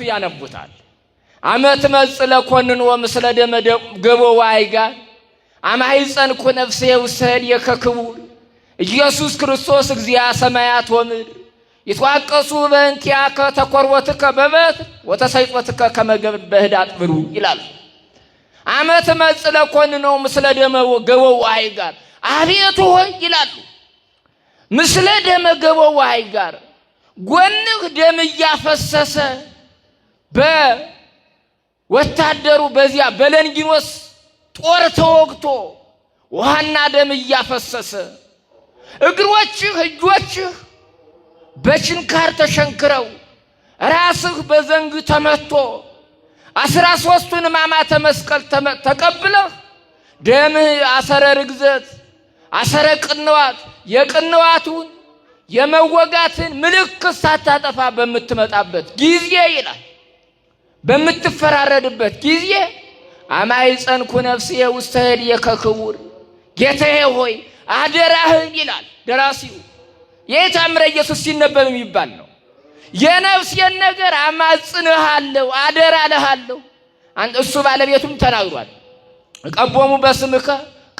መላእክቱ ያነቡታል። አመት መጽ ለኮንኖ ምስለ ደመ ገቦ ዋይጋ አማይ ጸንኩ ነፍሴ ውስህል የከክቡር ኢየሱስ ክርስቶስ እግዚአ ሰማያት ወምድር ይትዋቀሱ በእንቲያ ተኰርወትከ በበትር ወተሰይጦትከ ከመገብ በህዳጥ ብሩ ይላል። አመት መጽ ለኮንኖ ምስለ ደመ ገቦ ወአይጋር አቤቱ ሆይ ይላሉ ምስለ ደመ ገቦ ወአይጋር ጎንህ ደም እያፈሰሰ በወታደሩ በዚያ በለንጊኖስ ጦር ተወግቶ ውሃና ደም እያፈሰሰ እግሮችህ እጆችህ በችንካር ተሸንክረው ራስህ በዘንግ ተመቶ አስራ ሦስቱን ሕማማተ መስቀል ተቀብለህ ደምህ አሰረ ርግዘት አሰረ ቅንዋት የቅንዋቱን የመወጋትን ምልክት ሳታጠፋ በምትመጣበት ጊዜ ይላል በምትፈራረድበት ጊዜ አማይ ጸንኩ ነፍስዬ ውስተ ህድየ ከክቡር ጌታዬ ሆይ አደራህን ይላል ደራሲው። ይህ ታምረ ኢየሱስ ሲነበብ የሚባል ነው። የነፍሴን ነገር አማጽንሃለሁ፣ አደራ እልሃለሁ። እሱ ባለቤቱም ተናግሯል። ቀቦሙ በስምከ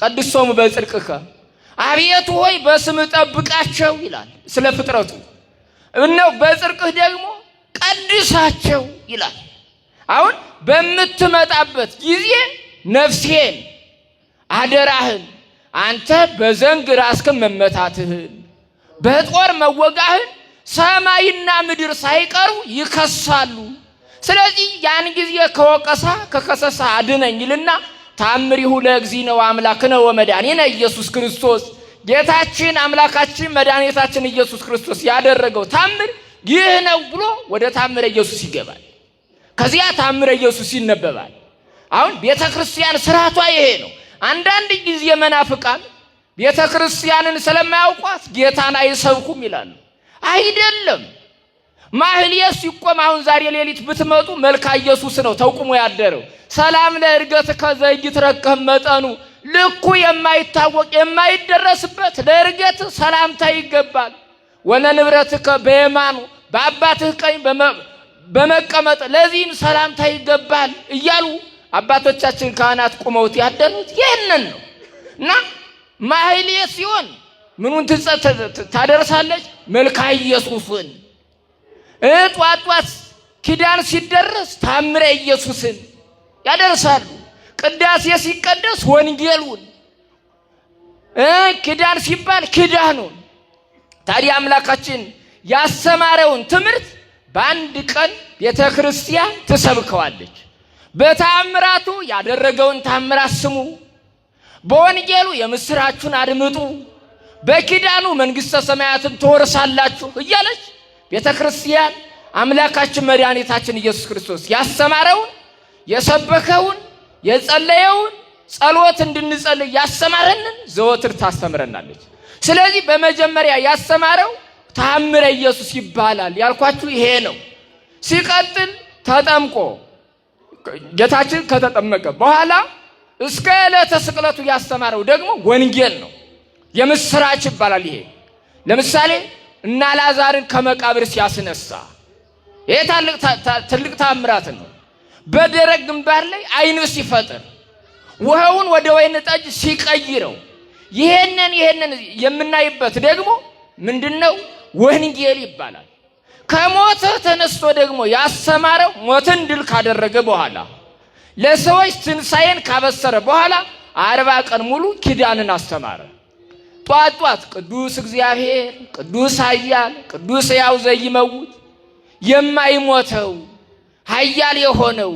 ቀድሶሙ በጽድቅከ አቤቱ ሆይ በስም ጠብቃቸው ይላል ስለ ፍጥረቱ እነው በጽድቅህ ደግሞ ቀድሳቸው ይላል። አሁን በምትመጣበት ጊዜ ነፍሴን አደራህን አንተ በዘንግ ራስክን መመታትህን በጦር መወጋህን ሰማይና ምድር ሳይቀሩ ይከሳሉ። ስለዚህ ያን ጊዜ ከወቀሳ ከከሰሳ አድነኝ ይልና ታምሪሁ ለእግዚእነ ወአምላክነ ወመድኃኒነ ኢየሱስ ክርስቶስ ጌታችን አምላካችን መድኃኒታችን ኢየሱስ ክርስቶስ ያደረገው ታምር ይህ ነው ብሎ ወደ ታምረ ኢየሱስ ይገባል። ከዚያ ታምረ ኢየሱስ ይነበባል። አሁን ቤተ ክርስቲያን ስርዓቷ ይሄ ነው። አንዳንድ ጊዜ መናፍቃን ቤተ ክርስቲያንን ስለማያውቋት ጌታን አይሰብኩም ይላሉ። አይደለም ማህሌት ሲቆም አሁን ዛሬ ሌሊት ብትመጡ መልካ ኢየሱስ ነው ተቁሞ ያደረው። ሰላም ለእርገት ከዘይትረከም መጠኑ ልኩ የማይታወቅ የማይደረስበት ለእርገት ሰላምታ ይገባል። ወለንብረትከ በየማኑ በአባትህ ቀኝ በመቀመጥ ለዚህም ሰላምታ ይገባል እያሉ አባቶቻችን ካህናት ቁመውት ያደሩት ይህንን ነው እና ማህሌት ሲሆን ምኑን ታደርሳለች? መልካ ኢየሱስን እጧጧት ኪዳን ሲደረስ ታምረ ኢየሱስን ያደርሳሉ። ቅዳሴ ሲቀደስ ወንጌሉን፣ ኪዳን ሲባል ኪዳኑን። ታዲያ አምላካችን ያስተማረውን ትምህርት በአንድ ቀን ቤተ ክርስቲያን ትሰብከዋለች። በታምራቱ ያደረገውን ታምራት ስሙ፣ በወንጌሉ የምስራቹን አድምጡ፣ በኪዳኑ መንግሥተ ሰማያትን ትወርሳላችሁ እያለች ቤተ ክርስቲያን አምላካችን መድኃኒታችን ኢየሱስ ክርስቶስ ያስተማረውን የሰበከውን የጸለየውን ጸሎት እንድንጸልይ ያስተማረንን ዘወትር ታስተምረናለች። ስለዚህ በመጀመሪያ ያስተማረው ታምረ ኢየሱስ ይባላል። ያልኳችሁ ይሄ ነው። ሲቀጥል ተጠምቆ ጌታችን ከተጠመቀ በኋላ እስከ ዕለተ ስቅለቱ ያስተማረው ደግሞ ወንጌል ነው፣ የምስራች ይባላል። ይሄ ለምሳሌ እና ላዛርን ከመቃብር ሲያስነሳ ይሄ ትልቅ ታምራት ነው። በደረቅ ግንባር ላይ አይን ሲፈጥር፣ ውሃውን ወደ ወይን ጠጅ ሲቀይረው፣ ይሄንን ይሄንን የምናይበት ደግሞ ምንድን ነው? ወንጌል ይባላል። ከሞት ተነስቶ ደግሞ ያሰማረው ሞትን ድል ካደረገ በኋላ ለሰዎች ትንሣኤን ካበሰረ በኋላ አርባ ቀን ሙሉ ኪዳንን አስተማረ። ጧት ጧት ቅዱስ እግዚአብሔር፣ ቅዱስ ኃያል፣ ቅዱስ ሕያው ዘይመውት የማይሞተው ኃያል የሆነው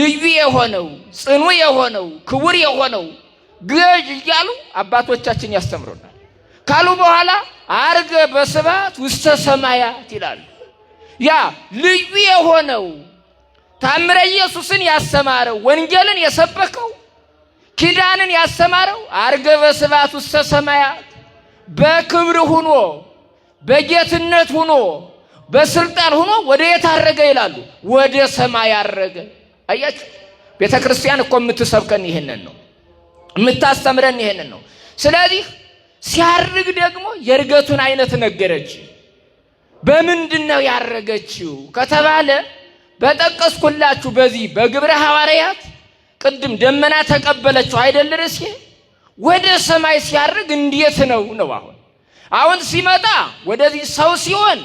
ልዩ የሆነው ጽኑ የሆነው ክቡር የሆነው ገዥ እያሉ አባቶቻችን ያስተምሩናል። ካሉ በኋላ አርገ በስባት ውስተ ሰማያት ይላሉ። ያ ልዩ የሆነው ታምረ ኢየሱስን ያስተማረው ወንጌልን የሰበከው ኪዳንን ያስተማረው አርገ በስባት ውስተ ሰማያት በክብር ሁኖ በጌትነት ሁኖ በስልጣን ሁኖ ወደ የት አረገ ይላሉ። ወደ ሰማይ አረገ። አያችሁ፣ ቤተ ክርስቲያን እኮ የምትሰብከን ይህንን ነው፣ የምታስተምረን ይህንን ነው። ስለዚህ ሲያርግ ደግሞ የእርገቱን አይነት ነገረች። በምንድን ነው ያረገችው ከተባለ በጠቀስኩላችሁ በዚህ በግብረ ሐዋርያት ቅድም ደመና ተቀበለችው አይደል ርስ ወደ ሰማይ ሲያርግ እንዴት ነው ነው አሁን አሁን ሲመጣ ወደዚህ ሰው ሲሆን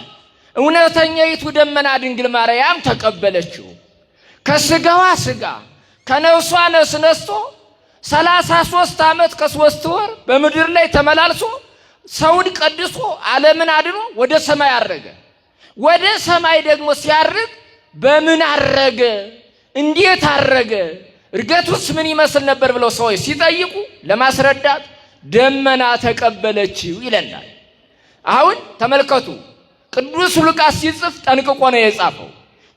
እውነተኛይቱ ደመና ድንግል ማርያም ተቀበለችው ከስጋዋ ስጋ ከነፍሷ ነስነስቶ ሰላሳ ሶስት ዓመት ከሶስት ወር በምድር ላይ ተመላልሶ ሰውን ቀድሶ ዓለምን አድኖ ወደ ሰማይ አረገ። ወደ ሰማይ ደግሞ ሲያርግ በምን አረገ? እንዴት አረገ? እርገቱስ ምን ይመስል ነበር ብለው ሰዎች ሲጠይቁ ለማስረዳት ደመና ተቀበለችው ይለናል። አሁን ተመልከቱ፣ ቅዱስ ሉቃስ ሲጽፍ ጠንቅቆ ነው የጻፈው።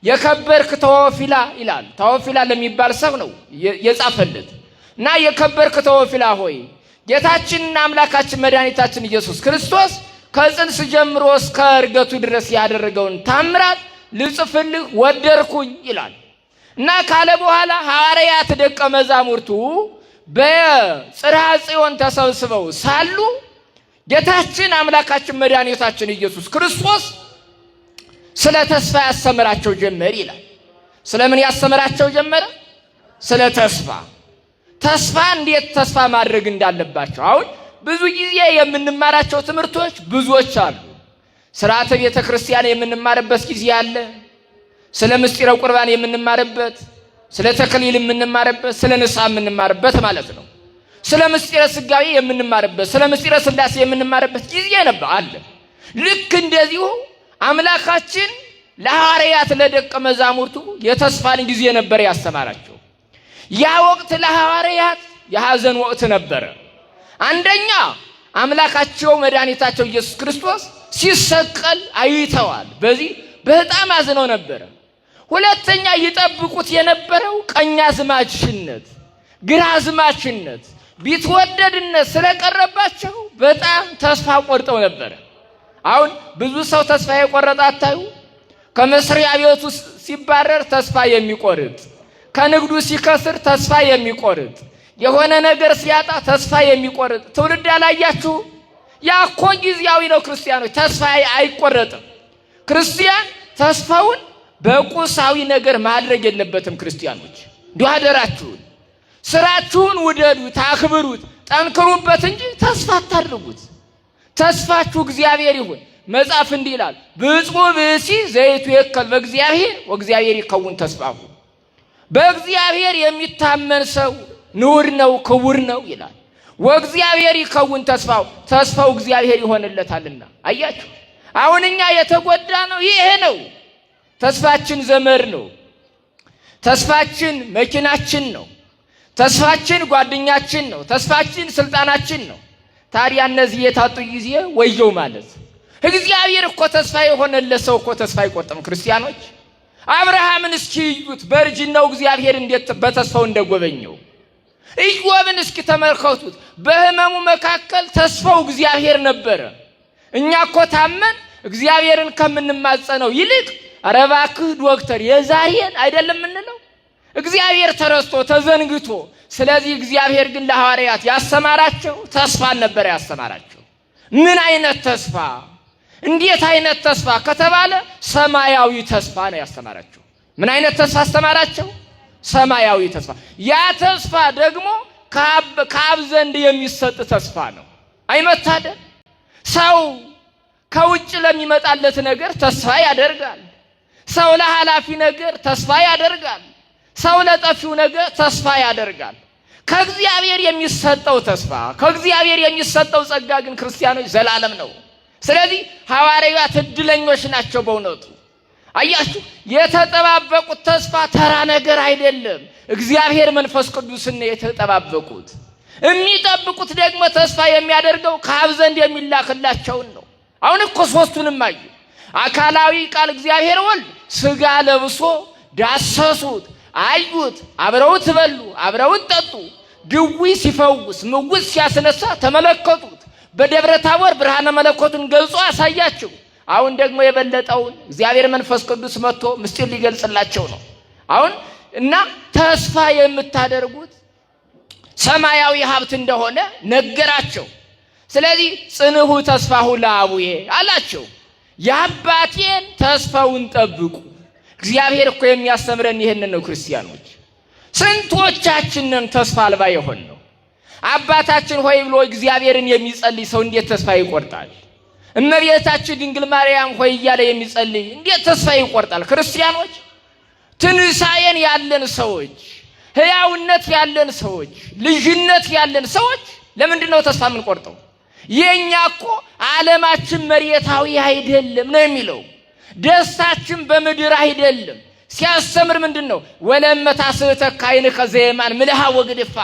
የከበርክ ተወፊላ ይላል። ተወፊላ ለሚባል ሰው ነው የጻፈለት። እና የከበርክ ተወፊላ ሆይ ጌታችንና አምላካችን መድኃኒታችን ኢየሱስ ክርስቶስ ከጽንስ ጀምሮ እስከ እርገቱ ድረስ ያደረገውን ታምራት ልጽፍልህ ወደርኩኝ ይላል እና ካለ በኋላ ሐዋርያት ደቀ መዛሙርቱ በጽርሐ ጽዮን ተሰብስበው ሳሉ ጌታችን አምላካችን መድኃኒታችን ኢየሱስ ክርስቶስ ስለ ተስፋ ያስተምራቸው ጀመር ይላል። ስለምን ያስተምራቸው ጀመረ? ስለ ተስፋ ተስፋ እንዴት ተስፋ ማድረግ እንዳለባቸው አሁን ብዙ ጊዜ የምንማራቸው ትምህርቶች ብዙዎች አሉ። ስርዓተ ቤተ ክርስቲያን የምንማርበት ጊዜ አለ። ስለ ምስጢረ ቁርባን የምንማርበት፣ ስለ ተክሊል የምንማርበት፣ ስለ ንስሐ የምንማርበት ማለት ነው። ስለ ምስጢረ ስጋዊ የምንማርበት፣ ስለ ምስጢረ ስላሴ የምንማርበት ጊዜ ነበር አለ። ልክ እንደዚሁ አምላካችን ለሐዋርያት ለደቀ መዛሙርቱ የተስፋን ጊዜ ነበር ያስተማራቸው። ያ ወቅት ለሐዋርያት የሐዘን ወቅት ነበረ። አንደኛ አምላካቸው መድኃኒታቸው ኢየሱስ ክርስቶስ ሲሰቀል አይተዋል። በዚህ በጣም አዝነው ነበረ። ሁለተኛ ይጠብቁት የነበረው ግራ ዝማችነት ቢትወደድነት ስለቀረባቸው በጣም ተስፋ ቆርጠው ነበረ። አሁን ብዙ ሰው ተስፋ የቆረጠ አታዩ? ከመስሪያ ቤቱ ሲባረር ተስፋ የሚቆርጥ ከንግዱ ሲከስር ተስፋ የሚቆርጥ የሆነ ነገር ሲያጣ ተስፋ የሚቆርጥ ትውልድ ያላያችሁ ያኮ ጊዜያዊ ነው። ክርስቲያኖች ተስፋ አይቆረጥም። ክርስቲያን ተስፋውን በቁሳዊ ነገር ማድረግ የለበትም። ክርስቲያኖች እንዲሁ አደራችሁን፣ ስራችሁን ውደዱት፣ አክብሩት፣ ጠንክሩበት እንጂ ተስፋ አታድርጉት። ተስፋችሁ እግዚአብሔር ይሁን። መጽሐፍ እንዲህ ይላል፣ ብፁዕ ብእሲ ዘይቱ የከል በእግዚአብሔር ወእግዚአብሔር ይከውን ተስፋሁ በእግዚአብሔር የሚታመን ሰው ንዑድ ነው ክቡር ነው ይላል። ወእግዚአብሔር ይከውን ተስፋው ተስፋው እግዚአብሔር ይሆንለታልና። አያችሁ፣ አሁን እኛ የተጎዳ ነው ይሄ ነው። ተስፋችን ዘመድ ነው። ተስፋችን መኪናችን ነው። ተስፋችን ጓደኛችን ነው። ተስፋችን ስልጣናችን ነው። ታዲያ እነዚህ የታጡ ጊዜ ወየው ማለት እግዚአብሔር እኮ ተስፋ የሆነለት ሰው እኮ ተስፋ አይቆርጥም ክርስቲያኖች አብርሃምን እስኪ እዩት በእርጅናው እግዚአብሔር እንዴት በተስፋው እንደጎበኘው። ኢዮብን እስኪ ተመልከቱት በሕመሙ መካከል ተስፋው እግዚአብሔር ነበረ። እኛ እኮ ታመን እግዚአብሔርን ከምንማጸነው ይልቅ ኧረ እባክህ ዶክተር የዛሬን አይደለም የምንለው እግዚአብሔር ተረስቶ ተዘንግቶ። ስለዚህ እግዚአብሔር ግን ለሐዋርያት ያሰማራቸው ተስፋን ነበር ያሰማራቸው። ምን አይነት ተስፋ እንዴት አይነት ተስፋ ከተባለ ሰማያዊ ተስፋ ነው ያስተማራቸው። ምን አይነት ተስፋ አስተማራቸው? ሰማያዊ ተስፋ። ያ ተስፋ ደግሞ ከአብ ዘንድ የሚሰጥ ተስፋ ነው። አይመታደል ሰው ከውጭ ለሚመጣለት ነገር ተስፋ ያደርጋል። ሰው ለኃላፊ ነገር ተስፋ ያደርጋል። ሰው ለጠፊው ነገር ተስፋ ያደርጋል። ከእግዚአብሔር የሚሰጠው ተስፋ ከእግዚአብሔር የሚሰጠው ጸጋ ግን ክርስቲያኖች ዘላለም ነው። ስለዚህ ሐዋርያት እድለኞች ናቸው። በእውነቱ አያችሁ፣ የተጠባበቁት ተስፋ ተራ ነገር አይደለም። እግዚአብሔር መንፈስ ቅዱስን የተጠባበቁት የሚጠብቁት ደግሞ ተስፋ የሚያደርገው ከአብ ዘንድ የሚላክላቸውን ነው። አሁን እኮ ሶስቱንም አዩ። አካላዊ ቃል እግዚአብሔር ወልድ ስጋ ለብሶ ዳሰሱት፣ አዩት፣ አብረውት በሉ፣ አብረውት ጠጡ፣ ድዊ ሲፈውስ፣ ምውት ሲያስነሳ ተመለከቱት። በደብረ ታቦር ብርሃነ መለኮቱን ገልጾ አሳያችሁ። አሁን ደግሞ የበለጠውን እግዚአብሔር መንፈስ ቅዱስ መጥቶ ምስጢር ሊገልጽላቸው ነው። አሁን እና ተስፋ የምታደርጉት ሰማያዊ ሀብት እንደሆነ ነገራቸው። ስለዚህ ተስፋ ተስፋሁ ለአቡዬ አላቸው፣ የአባቴን ተስፋውን ጠብቁ። እግዚአብሔር እኮ የሚያስተምረን ይህንን ነው። ክርስቲያኖች ስንቶቻችንን ተስፋ አልባ የሆን ነው አባታችን ሆይ ብሎ እግዚአብሔርን የሚጸልይ ሰው እንዴት ተስፋ ይቆርጣል? እመቤታችን ድንግል ማርያም ሆይ እያለ የሚጸልይ እንዴት ተስፋ ይቆርጣል? ክርስቲያኖች ትንሳኤን ያለን ሰዎች፣ ሕያውነት ያለን ሰዎች፣ ልጅነት ያለን ሰዎች ለምንድን ነው ተስፋ የምንቆርጠው? የእኛ እኮ ዓለማችን መሬታዊ አይደለም ነው የሚለው። ደስታችን በምድር አይደለም። ሲያስተምር ምንድን ነው? ወለመታ ስህተካይን ከዘየማን ምልሃ ወግድፋ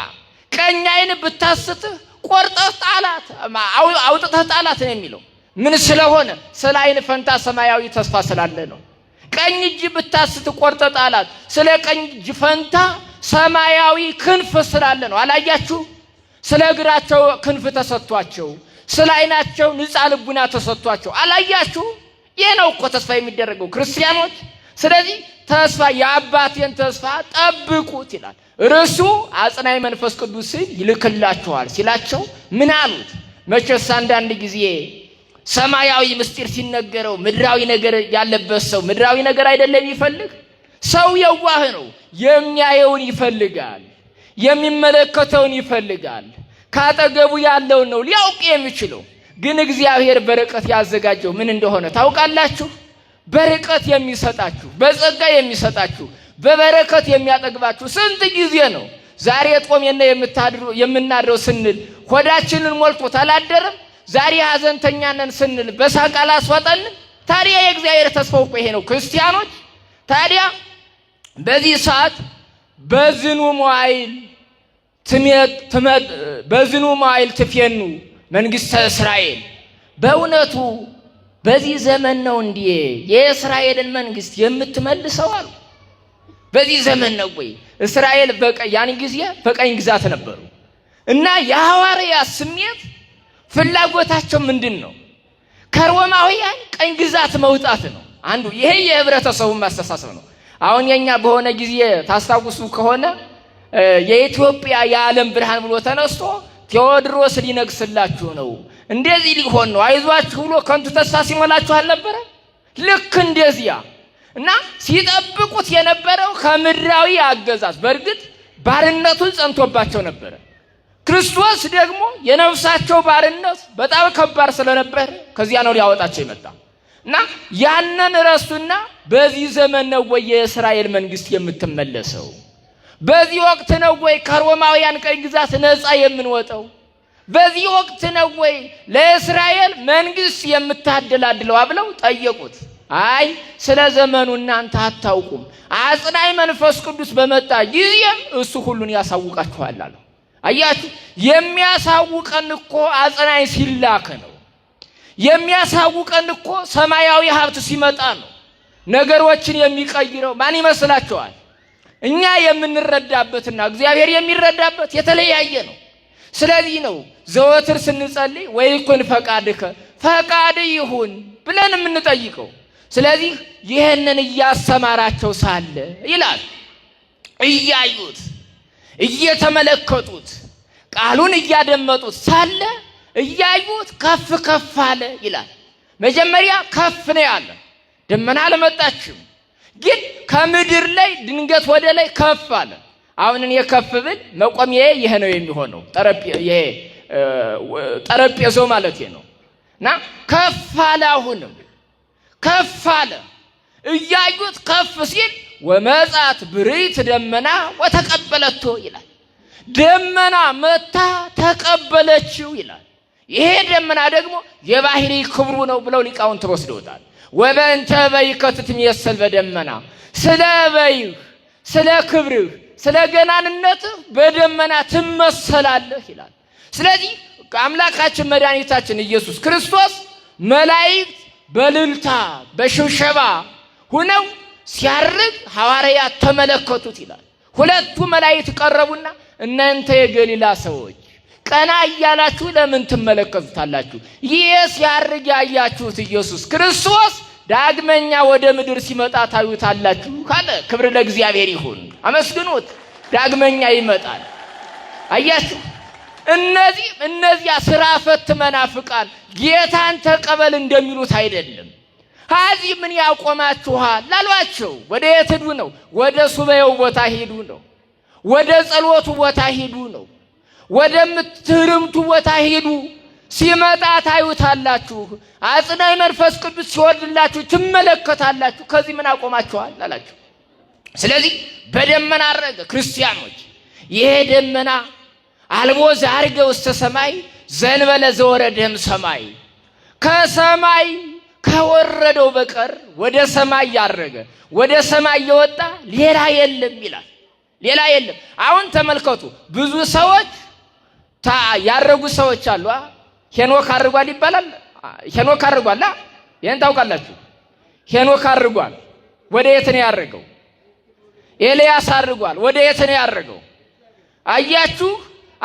ቀኝ አይን ብታስትህ ቆርጠህ ጣላት፣ አውጥተህ ጣላት ነው የሚለው። ምን ስለሆነ ስለ አይን ፈንታ ሰማያዊ ተስፋ ስላለ ነው። ቀኝ እጅ ብታስትህ ቆርጠህ ጣላት፣ ስለ ቀኝ እጅ ፈንታ ሰማያዊ ክንፍ ስላለ ነው። አላያችሁ? ስለ እግራቸው ክንፍ ተሰጥቷቸው፣ ስለ አይናቸው ንጻ ልቡና ተሰጥቷቸው፣ አላያችሁ? ይህ ነው እኮ ተስፋ የሚደረገው ክርስቲያኖች። ስለዚህ ተስፋ የአባቴን ተስፋ ጠብቁት ይላል። እርሱ አጽናይ መንፈስ ቅዱስን ይልክላችኋል ሲላቸው ምን አሉት? መቼስ አንዳንድ ጊዜ ሰማያዊ ምስጢር ሲነገረው ምድራዊ ነገር ያለበት ሰው ምድራዊ ነገር አይደለም ይፈልግ። ሰው የዋህ ነው። የሚያየውን ይፈልጋል፣ የሚመለከተውን ይፈልጋል፣ ካጠገቡ ያለውን ነው ሊያውቅ የሚችለው። ግን እግዚአብሔር በርቀት ያዘጋጀው ምን እንደሆነ ታውቃላችሁ? በርቀት የሚሰጣችሁ በጸጋ የሚሰጣችሁ በበረከት የሚያጠግባችሁ ስንት ጊዜ ነው ዛሬ የምታድሩ የምናድረው ስንል ሆዳችንን ሞልቶት አላደረም? ዛሬ ሐዘንተኛ ስንል በሳቅ አላስዋጠንም? ታዲያ የእግዚአብሔር ተስፋው እኮ ይሄ ነው። ክርስቲያኖች ታዲያ በዚህ ሰዓት በዝኑ መዋይል በዝኑ መዋዕል ትፌኑ መንግሥተ እስራኤል በእውነቱ በዚህ ዘመን ነው እንዲህ የእስራኤልን መንግሥት የምትመልሰው አሉ። በዚህ ዘመን ነው ወይ? እስራኤል ያን ጊዜ በቀኝ ግዛት ነበሩ እና የሐዋርያ ስሜት ፍላጎታቸው ምንድን ነው? ከሮማውያን ቀኝ ግዛት መውጣት ነው አንዱ። ይሄ የህብረተሰቡ ማስተሳሰብ ነው። አሁን የኛ በሆነ ጊዜ ታስታውሱ ከሆነ የኢትዮጵያ የዓለም ብርሃን ብሎ ተነስቶ ቴዎድሮስ ሊነግስላችሁ ነው፣ እንደዚህ ሊሆን ነው፣ አይዟችሁ ብሎ ከንቱ ተስፋ ሲሞላችሁ አልነበረ? ልክ እንደዚያ እና ሲጠብቁት የነበረው ከምድራዊ አገዛዝ በእርግጥ ባርነቱን ጸንቶባቸው ነበረ። ክርስቶስ ደግሞ የነፍሳቸው ባርነት በጣም ከባድ ስለነበር ከዚያ ነው ሊያወጣቸው የመጣ እና ያንን ረሱና በዚህ ዘመን ነው ወይ የእስራኤል መንግስት የምትመለሰው? በዚህ ወቅት ነው ወይ ከሮማውያን ቀኝ ግዛት ነፃ የምንወጣው? በዚህ ወቅት ነው ወይ ለእስራኤል መንግስት የምታደላድለው ብለው ጠየቁት። አይ ስለ ዘመኑ እናንተ አታውቁም፣ አጽናኝ መንፈስ ቅዱስ በመጣ ጊዜም እሱ ሁሉን ያሳውቃችኋል አለው። አያችሁ፣ የሚያሳውቀን እኮ አጽናኝ ሲላክ ነው። የሚያሳውቀን እኮ ሰማያዊ ሀብት ሲመጣ ነው። ነገሮችን የሚቀይረው ማን ይመስላችኋል? እኛ የምንረዳበትና እግዚአብሔር የሚረዳበት የተለያየ ነው። ስለዚህ ነው ዘወትር ስንጸልይ ወይኩን ፈቃድከ ፈቃድ ይሁን ብለን የምንጠይቀው። ስለዚህ ይህንን እያስተማራቸው ሳለ ይላል እያዩት እየተመለከቱት ቃሉን እያደመጡት ሳለ እያዩት ከፍ ከፍ አለ ይላል። መጀመሪያ ከፍ ነው ያለ። ደመና አልመጣችም፣ ግን ከምድር ላይ ድንገት ወደ ላይ ከፍ አለ። አሁን እኔ ከፍ ብል መቆሚያዬ ይሄ ነው የሚሆነው፣ ጠረጴዛው ማለት ነው። እና ከፍ አለ አሁንም ከፍ አለ። እያዩት ከፍ ሲል ወመጻት ብርት ደመና ወተቀበለቶ ይላል። ደመና መታ ተቀበለችው ይላል። ይሄ ደመና ደግሞ የባህሪ ክብሩ ነው ብለው ሊቃውንት ወስደውታል። ወበእንተ በይከ ትትሜሰል በደመና ስለ በይህ ስለ ክብርህ ስለ ገናንነትህ በደመና ትመሰላለህ ይላል። ስለዚህ አምላካችን መድኃኒታችን ኢየሱስ ክርስቶስ መላእክት በልልታ በሽብሸባ ሁነው ሲያርግ ሐዋርያት ተመለከቱት ይላል። ሁለቱ መላእክት ቀረቡና እናንተ የገሊላ ሰዎች ቀና እያላችሁ ለምን ትመለከቱታላችሁ? ይህ ሲያርግ ያያችሁት ኢየሱስ ክርስቶስ ዳግመኛ ወደ ምድር ሲመጣ ታዩታላችሁ ካለ ክብር ለእግዚአብሔር ይሁን። አመስግኑት። ዳግመኛ ይመጣል። አያችሁ። እነዚህ እነዚያ ስራ ፈት መናፍቃን ጌታን ተቀበል እንደሚሉት አይደለም። ከዚህ ምን ያቆማችኋል ላሏቸው ወደ የት ሂዱ ነው? ወደ ሱባኤው ቦታ ሂዱ ነው። ወደ ጸሎቱ ቦታ ሂዱ ነው። ወደ ምትርምቱ ቦታ ሂዱ። ሲመጣ ታዩታላችሁ። አጽናኝ መንፈስ ቅዱስ ሲወርድላችሁ ትመለከታላችሁ። ከዚህ ምን አቆማችኋል አላቸው። ስለዚህ በደመና አረገ ክርስቲያኖች ይሄ ደመና አልቦ ዘአርገ ውስተ ሰማይ ዘእንበለ ዘወረደም ሰማይ ከሰማይ ከወረደው በቀር ወደ ሰማይ ያረገ ወደ ሰማይ የወጣ ሌላ የለም ይላል። ሌላ የለም። አሁን ተመልከቱ። ብዙ ሰዎች ያረጉ ሰዎች አሉ። ሄኖክ አርጓል ይባላል። ሄኖክ አርጓል። ይህን ታውቃላችሁ። ሄኖክ አድርጓል ወደ የት ነው ያረገው? ኤልያስ አርጓል። ወደ የት ነው ያረገው? አያችሁ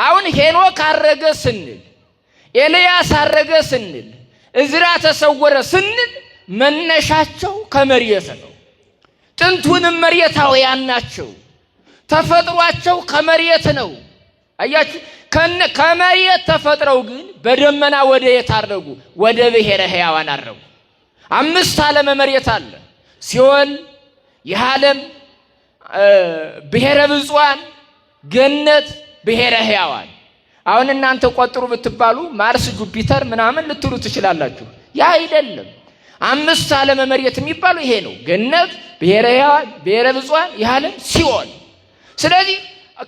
አሁን ሄኖክ አረገ ስንል፣ ኤልያስ አረገ ስንል፣ እዝራ ተሰወረ ስንል መነሻቸው ከመሬት ነው። ጥንቱንም መሬታውያን ናቸው። ተፈጥሯቸው ከመሬት ነው። አያችሁ፣ ከመሬት ተፈጥረው ግን በደመና ወደ የት አረጉ? ወደ ብሔረ ሕያዋን አረጉ። አምስት ዓለመ መሬት አለ። ሲኦል፣ የዓለም ብሔረ ብፁዓን፣ ገነት ብሔረ ሕያዋን። አሁን እናንተ ቆጥሩ ብትባሉ ማርስ፣ ጁፒተር ምናምን ልትሉ ትችላላችሁ። ያ አይደለም። አምስት ዓለመ መሬት የሚባሉ ይሄ ነው። ገነት፣ ብሔረ ሕያዋን፣ ብሔረ ብፁዓን፣ ይህ ዓለም ሲኦል። ስለዚህ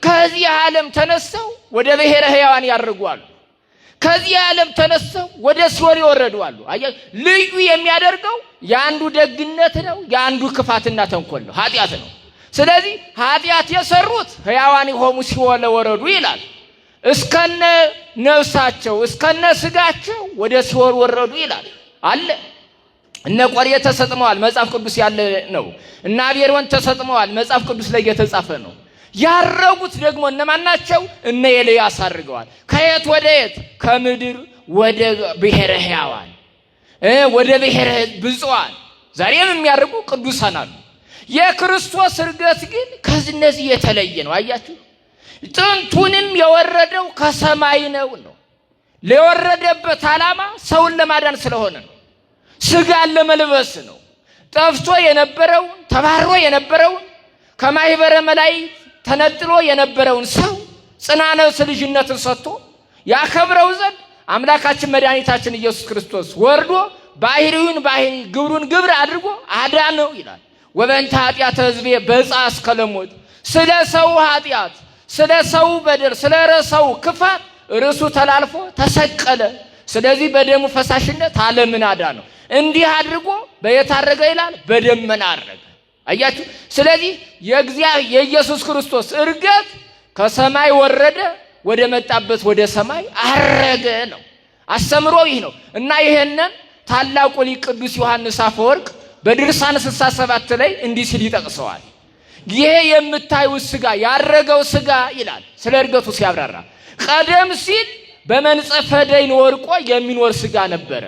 ከዚህ ዓለም ተነስተው ወደ ብሔረ ሕያዋን ያደርጓሉ። ከዚህ ዓለም ተነስተው ወደ ሲኦል ይወረዱዋሉ። ልዩ የሚያደርገው የአንዱ ደግነት ነው፣ የአንዱ ክፋትና ተንኮል ነው፣ ኃጢአት ነው። ስለዚህ ኃጢአት የሰሩት ሕያዋን የሆኑ ሲኦል ወረዱ ይላል። እስከነ ነፍሳቸው እስከነ ስጋቸው ወደ ሲኦል ወረዱ ይላል አለ። እነ ቆሬ ተሰጥመዋል፣ መጽሐፍ ቅዱስ ያለ ነው። እነ አቤሮን ተሰጥመዋል፣ መጽሐፍ ቅዱስ ላይ የተጻፈ ነው። ያረጉት ደግሞ እነማን ናቸው? እነ ኤልያስ አድርገዋል። ከየት ወደ የት? ከምድር ወደ ብሔረ ሕያዋን ወደ ብሔረ ብፁዓን ዛሬም የሚያደርጉ ቅዱሳን አሉ። የክርስቶስ እርገት ግን ከእነዚህ የተለየ ነው። አያችሁ፣ ጥንቱንም የወረደው ከሰማይ ነው ነው የወረደበት ዓላማ ሰውን ለማዳን ስለሆነ ነው። ስጋን ለመልበስ ነው። ጠፍቶ የነበረውን ተባሮ የነበረውን ከማህበረ መላይ ተነጥሎ የነበረውን ሰው ጽናነስ ልጅነትን ሰጥቶ ያከብረው ዘንድ አምላካችን መድኃኒታችን ኢየሱስ ክርስቶስ ወርዶ ባህሪውን ባህሪ ግብሩን ግብር አድርጎ አዳነው ይላል። ወበእንተ ኃጢአተ ሕዝቤ በጻ እስከ ለሞት፣ ስለ ሰው ኃጢአት፣ ስለ ሰው በደል፣ ስለ ረሰው ክፋት ርሱ ተላልፎ ተሰቀለ። ስለዚህ በደሙ ፈሳሽነት ዓለምን ነው እንዲህ አድርጎ በየታረገ ይላል በደመና አረገ። አያችሁ። ስለዚህ የእግዚአብሔር የኢየሱስ ክርስቶስ እርገት ከሰማይ ወረደ፣ ወደ መጣበት ወደ ሰማይ አረገ ነው አስተምሮ ይህ ነው እና ይሄንን ታላቁ ሊቅ ቅዱስ ዮሐንስ አፈወርቅ በድርሳን 67 ላይ እንዲህ ሲል ይጠቅሰዋል። ይሄ የምታዩ ስጋ ያረገው ስጋ ይላል። ስለ እርገቱ ሲያብራራ ቀደም ሲል በመንጸፈ ደይን ወርቆ የሚኖር ስጋ ነበረ።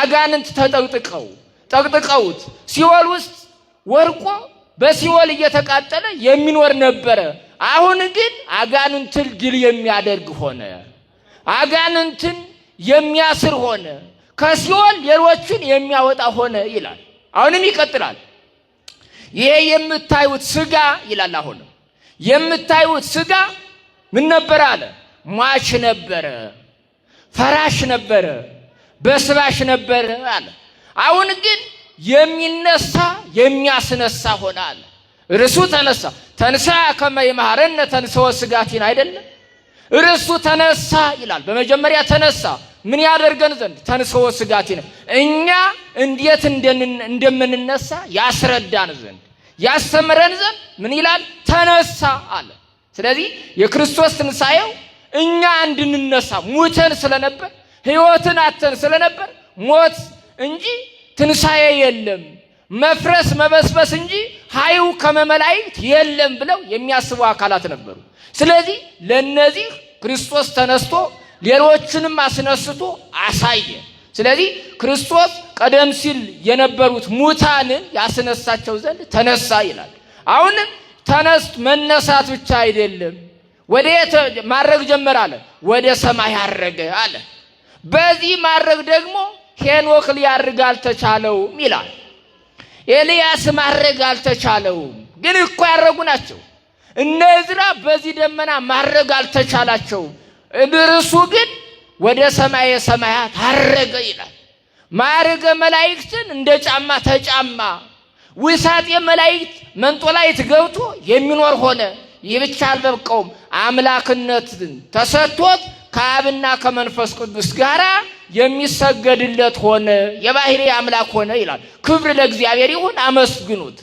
አጋንንት ተጠቅጥቀው ጠቅጥቀውት ሲኦል ውስጥ ወርቆ በሲኦል እየተቃጠለ የሚኖር ነበረ። አሁን ግን አጋንንትን ድል የሚያደርግ ሆነ። አጋንንትን የሚያስር ሆነ። ከሲኦል ሌሎቹን የሚያወጣ ሆነ ይላል። አሁንም ይቀጥላል። ይሄ የምታዩት ስጋ ይላል። አሁንም የምታዩት ስጋ ምን ነበረ አለ? ሟች ነበረ፣ ፈራሽ ነበረ፣ በስባሽ ነበረ አለ። አሁን ግን የሚነሳ የሚያስነሳ ሆነ አለ። እርሱ ተነሳ። ተንሳ ከመ ይመሃረነ ተንሥኦ ስጋቲን አይደለም እርሱ ተነሳ ይላል። በመጀመሪያ ተነሳ ምን ያደርገን ዘንድ ተንሥኦ ሥጋቲነ እኛ እንዴት እንደምንነሳ ያስረዳን ዘንድ ያስተምረን ዘንድ ምን ይላል? ተነሳ አለ። ስለዚህ የክርስቶስ ትንሣኤው እኛ እንድንነሳ ሙተን ስለነበር ሕይወትን አተን ስለነበር ሞት እንጂ ትንሣኤ የለም መፍረስ መበስበስ እንጂ ኃይው ከመመላይት የለም ብለው የሚያስቡ አካላት ነበሩ። ስለዚህ ለእነዚህ ክርስቶስ ተነስቶ ሌሎችንም አስነስቶ አሳየ። ስለዚህ ክርስቶስ ቀደም ሲል የነበሩት ሙታንን ያስነሳቸው ዘንድ ተነሳ ይላል። አሁንም ተነስ መነሳት ብቻ አይደለም። ወደ ማድረግ ጀመር አለ። ወደ ሰማይ አረገ አለ። በዚህ ማድረግ ደግሞ ሄኖክ ሊያርግ አልተቻለውም ይላል። ኤልያስ ማድረግ አልተቻለውም፣ ግን እኮ ያረጉ ናቸው። እነ በዚህ ደመና ማድረግ አልተቻላቸውም። እርሱ ግን ወደ ሰማየ ሰማያት አረገ ይላል። ማዕረገ መላእክትን እንደ ጫማ ተጫማ፣ ውሳጤ የመላእክት መንጦላይት ገብቶ የሚኖር ሆነ። ይህ ብቻ አልበቃውም። አምላክነትን ተሰጥቶት ከአብና ከመንፈስ ቅዱስ ጋር የሚሰገድለት ሆነ። የባህሪ አምላክ ሆነ ይላል። ክብር ለእግዚአብሔር ይሁን፣ አመስግኑት።